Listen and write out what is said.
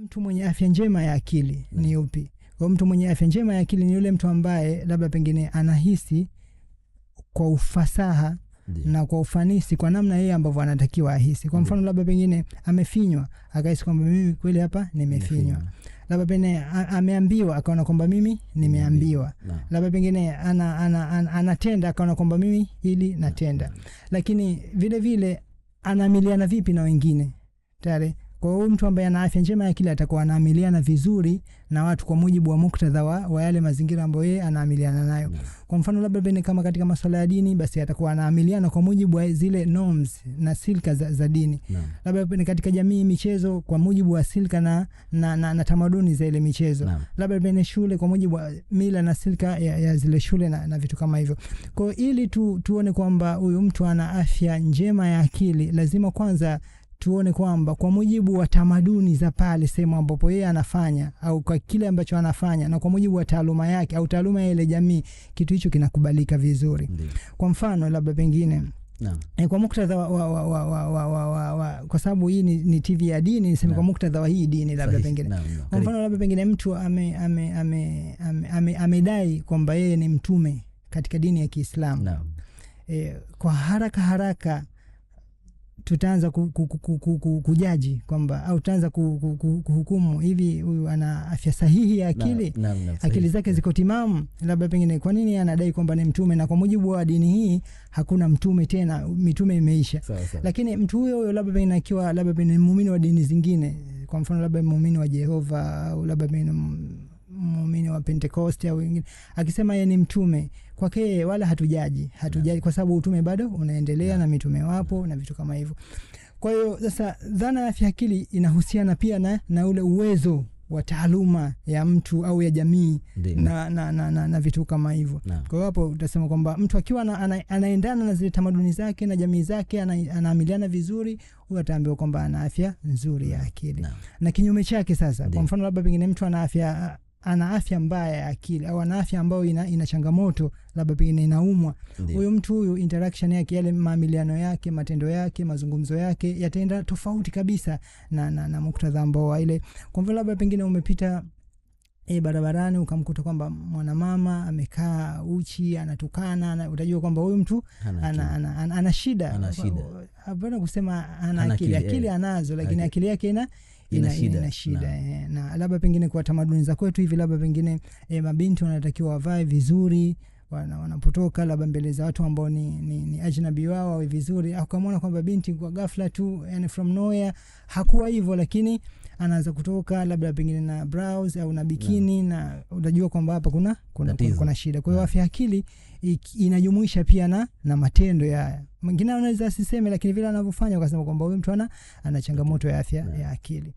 mtu mwenye afya njema ya akili mm. ni upi? Kwa mtu mwenye afya njema ya akili ni yule mtu ambaye labda pengine anahisi kwa ufasaha Di. na kwa ufanisi kwa namna yeye ambavyo anatakiwa ahisi. Kwa mfano labda pengine amefinywa akahisi kwamba mimi kweli hapa nimefinywa, labda pengine ameambiwa akaona kwamba mimi nimeambiwa, labda pengine anatenda ana, ana, ana, anatenda akaona kwamba mimi ili natenda, lakini vile vile anamiliana vipi na wengine tayari kwa hiyo mtu ambaye ana afya njema ya akili atakuwa anaamiliana vizuri na watu kwa mujibu wa muktadha wa, wa yale mazingira ambayo yeye anaamiliana nayo. Mm. Kwa mfano labda bene kama katika masuala ya dini, basi atakuwa anaamiliana kwa mujibu wa zile norms na silka za, za dini. Labda bene katika jamii, michezo kwa mujibu wa silka na, na, na, na tamaduni za ile michezo. Labda bene shule kwa mujibu wa mila na silka ya, ya zile shule na, na vitu kama hivyo. Kwa hiyo ili tu, tuone kwamba huyu mtu ana afya njema ya akili lazima kwanza tuone kwamba kwa mujibu wa tamaduni za pale sehemu ambapo yeye anafanya au kwa kile ambacho anafanya na kwa mujibu wa taaluma yake au taaluma ya ile jamii, kitu hicho kinakubalika vizuri. Ndiyo. Kwa mfano labda pengine na. Eh, kwa muktadha wa, wa, wa, wa, wa, wa, wa, wa, wa, kwa sababu hii ni, ni TV ya dini niseme kwa muktadha wa hii dini labda pengine kwa mfano labda pengine mtu amedai ame, ame, ame, ame, ame kwamba yeye ni mtume katika dini ya Kiislamu e, kwa haraka haraka tutaanza kujaji kwamba au tutaanza kuhukumu hivi huyu ana afya sahihi ya akili na, na, na, akili zake ziko timamu, labda pengine kwa nini anadai kwamba ni mtume, na kwa mujibu wa dini hii hakuna mtume tena, mitume imeisha. Sao, sao. Lakini mtu huyo huyo labda pengine akiwa labda pengine muumini wa dini zingine, kwa mfano labda muumini wa Jehova au labda pengine muumini wa pentekosti au wengine, akisema ye ni mtume kwake, wala hatujaji hatujaji, yeah. kwa sababu utume bado unaendelea yeah. na mitume wapo na vitu kama hivyo. Kwa hiyo sasa, dhana ya afya akili inahusiana pia na, na ule uwezo wa taaluma ya mtu au ya jamii na, na, na, na, na vitu kama hivyo. Kwa hiyo hapo utasema kwamba mtu akiwa ana, anaendana na zile tamaduni zake na jamii zake ana, anaamiliana vizuri, huyo ataambiwa kwamba ana afya nzuri ya akili na, na kinyume chake sasa, kwa mfano labda pengine mtu ana afya ana afya mbaya ya akili au ana afya ambayo ina, ina changamoto labda pengine inaumwa, huyu mtu huyu interaction yake, yale maamiliano yake, matendo yake, mazungumzo yake yataenda tofauti kabisa na, na, na muktadha ambao ile. Kwa mfano labda pengine umepita e, barabarani ukamkuta kwamba mwanamama amekaa uchi anatukana ana, utajua kwamba huyu mtu ana, ana, ana, ana, ana shida hapana kusema ana akili akili eh. anazo lakini akili yake ina ina shida, ina shida na, e, eh, na labda pengine kwa tamaduni za kwetu hivi labda pengine e, mabinti wanatakiwa wavae vizuri wanapotoka labda mbele za watu ambao ni, ni, ni ajnabi wao wawe vizuri, akamwona kwamba binti kwa ghafla tu, yani from nowhere, hakuwa hivyo, lakini anaanza kutoka labda pengine na brows au na bikini na, na utajua kwamba hapa kuna kuna, kuna, kuna shida. Kwa hiyo afya akili inajumuisha pia na, na matendo ya mwingine, anaweza asiseme, lakini vile anavyofanya ukasema kwamba huyu mtu ana, ana changamoto ya afya ya akili.